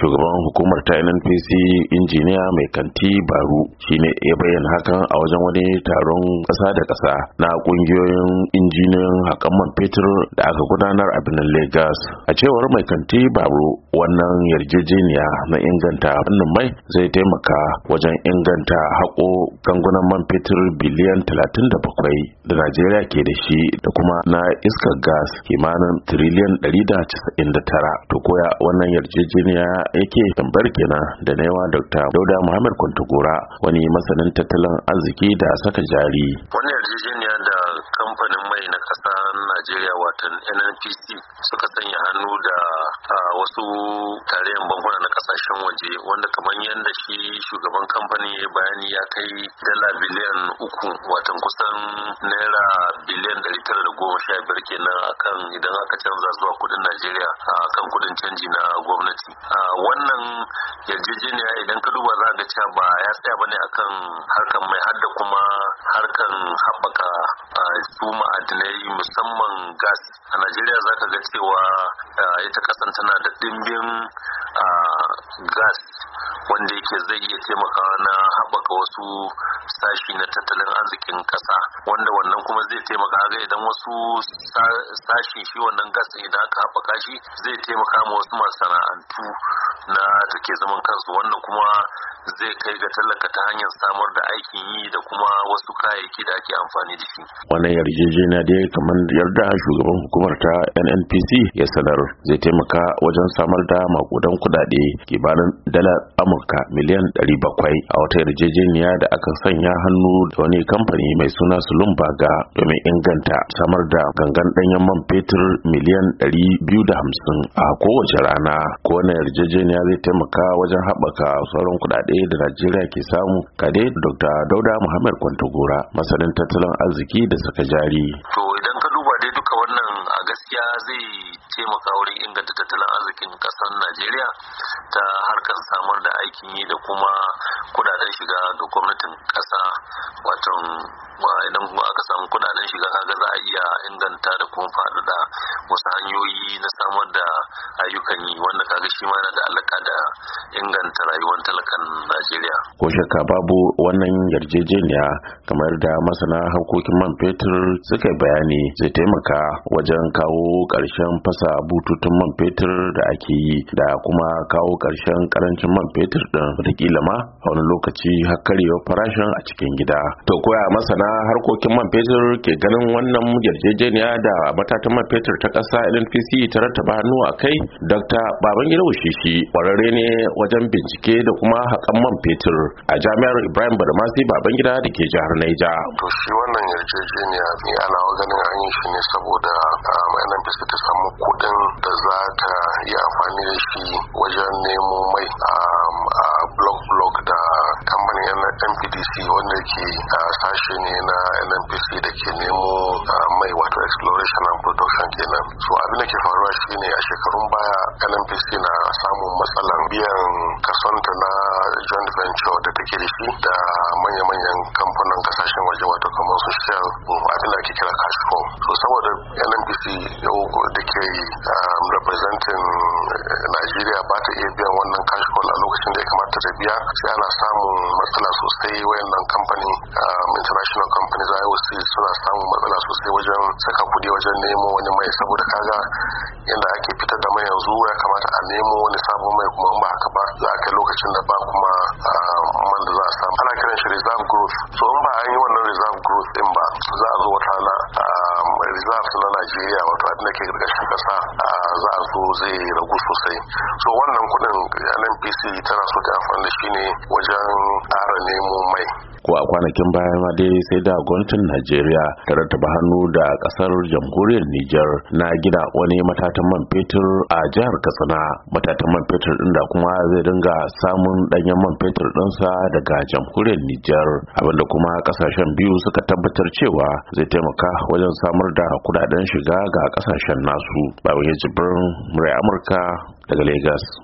shugaban hukumar ta nnpc injiniya mai kanti baru shine ya bayyana hakan a wajen wani taron kasa da kasa na kungiyoyin injiniyan hakan man fetur da aka gudanar a birnin lagos a cewar mai kanti baru wannan yarjejeniya na inganta fannin mai zai taimaka wajen inganta haƙo gangunan man fetur biliyan 37 da najeriya ke da shi da kuma na iskar gas kimanin triliyan 199 to koya wannan yarjejeniya yake tambar kenan da naiwa Dr. Dauda Muhammad Kwantagora wani masanin tattalin arziki da saka jari. Wannan yarjejeniya da kamfanin mai na ƙasa Najeriya watan NNPC suka sanya hannu da wasu tarayyan bankuna na kasashen waje wanda kamar yadda shi shugaban kamfanin ya bayani ya kai dala biliyan uku watan kusan naira tara da goma sha biyar kenan akan idan aka canza zuwa kudin najeriya akan kudin canji na gwamnati wannan yarjejeniya idan ka duba za ga cewa ba ya tsaya bane akan harkan mai hadda kuma harkan haɓaka su ma'adinai musamman gas a najeriya za ka ga cewa ita kasan tana da dimbin gas wanda yake zai iya taimakawa na haɓaka wasu sashi na tattalin arzikin kasa wanda wannan kuma zai taimaka ga idan wasu sashi shi wannan gas idan aka haɓaka shi zai taimaka ma wasu masana'antu na take zaman kansu wannan kuma zai kai ga tallaka ta hanyar samar da aikin yi da kuma wasu kayayyaki da ake amfani da shi. Wannan yarjejeniya dai kamar yarda shugaban hukumar ta NNPC ya sanar zai taimaka wajen samar da makudan kudade kimanin dalar Amurka miliyan 700 a wata yarjejeniya da aka sanya sanya hannu da wani kamfani mai suna Sulumbaga domin inganta samar da gangan ɗanyen man fetur miliyan 250 a kowace rana. ko Kowane yarjejeniya zai taimaka wajen haɓaka sauran kuɗaɗe da Najeriya ke samu. Kade Dr. Dauda Muhammad Kwantagora masanin tattalin arziki da saka jari. To idan ka duba dai duka wannan a gaskiya zai taimaka wurin inganta tattalin arzikin kasar najeriya ta harkar samar da aikin yi da kuma kudaden shiga ga gwamnatin ƙasa wato idan kuma aka samu kudaden shiga kaga za a iya inganta da kuma faɗaɗa wasu hanyoyi na samar da ayyukan yi wanda kaga shi ma da alaka da inganta rayuwar talakan Najeriya. Ko shakka babu wannan yarjejeniya kamar da masana harkokin man fetur suka bayani zai taimaka wajen kawo ƙarshen fasa bututun man fetur da ake yi da kuma kawo ƙarshen karancin man fetur ɗin wataƙila ma a wani lokaci har karewa farashin a cikin gida to koya masana harkokin man fetur ke ganin wannan yarjejeniya da matatan man fetur ta ƙasa NPC ta rattaba hannu a kai Dr. Babangida Wushishi ƙwararre ne wajen bincike da kuma haƙan man fetur a jami'ar Ibrahim Badamasi Babangida da ke jihar Naija. To shi wannan yarjejeniya ni ana ganin an yi shi ne saboda ah, NPC ta samu kuɗi ɗin da za ta yi amfani da shi wajen nemo mai um, a blok-blok da kamfanin npdc wanda ke sashe ne na nnpc da ke nemo mai wato exploration and production kenan so abin da ke faruwa shine a shekarun baya nnpc na samun matsalan biyan kasanta na joint venture da take da shi da manya-manyan kamfanin kasashen waje wato kamar su shell abin da ake kira cash so saboda gwamnati da ke um, representing eh, Najeriya ba ta iya biyan wannan cash a lokacin da ya kamata ta biya sai ana samun matsala sosai wayannan kamfani um, international companies IOC suna samun matsala sosai wajen saka kuɗi wajen nemo wani mai saboda kaga yadda ake fitar da mai yanzu ya kamata a nemo wani sabon mai kuma ba haka ba za a kai lokacin da ba reserves na najeriya wato abin da ke gargashin kasa za a zo zai ragu sosai so wannan kudin nnpc tana so ta amfani da shi ne wajen ƙara nemo mai ko a kwanakin baya ma dai sai da gwamnatin najeriya ta rattaba hannu da kasar jamhuriyar niger na gina wani matatan man fetur a jihar katsina matatan man fetur din da kuma zai dinga samun danyen man fetur dinsa daga jamhuriyar niger abinda kuma kasashen biyu suka tabbatar cewa zai taimaka wajen samar da kudaden shiga ga kasashen nasu babu wai jibrin murai amurka daga lagos